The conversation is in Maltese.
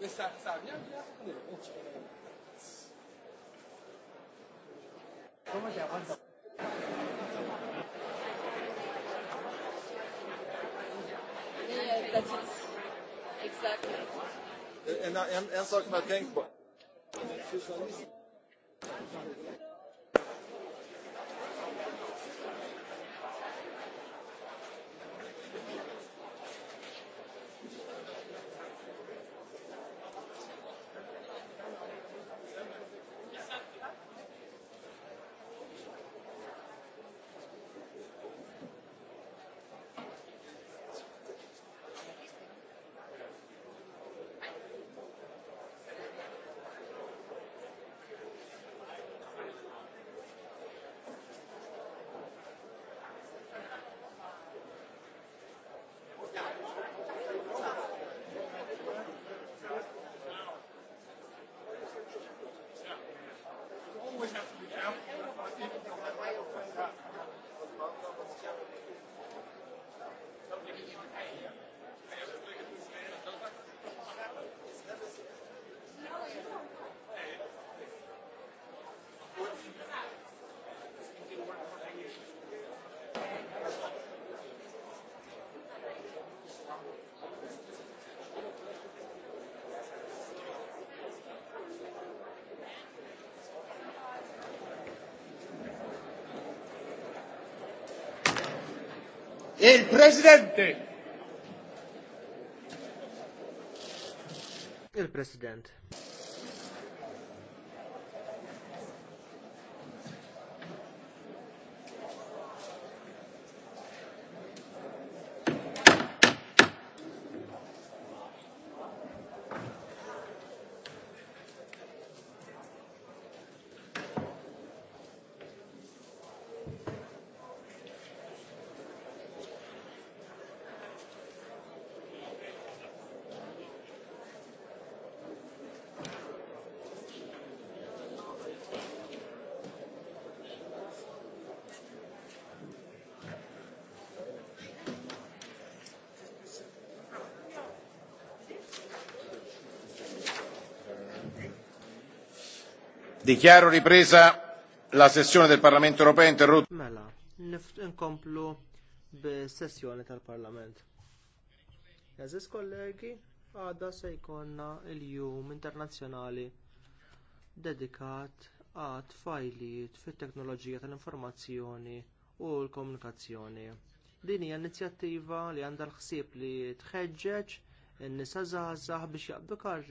Yeah, that is exactly. And, I'm and so I think. Il-Presidente! Il-President. Dichiaro ripresa la sessione del Parlamento europeo interrotta. Mela, nkomplu b-sessjoni tal-Parlament. Jaziz kollegi, għada se jkollna il-jum internazzjonali dedikat għad fajlit fit teknoloġija tal-informazzjoni u l-komunikazzjoni. Din hija inizjattiva li għandha l-ħsieb li tħeġġeġ in-nisa żgħażagħ biex jaqbdu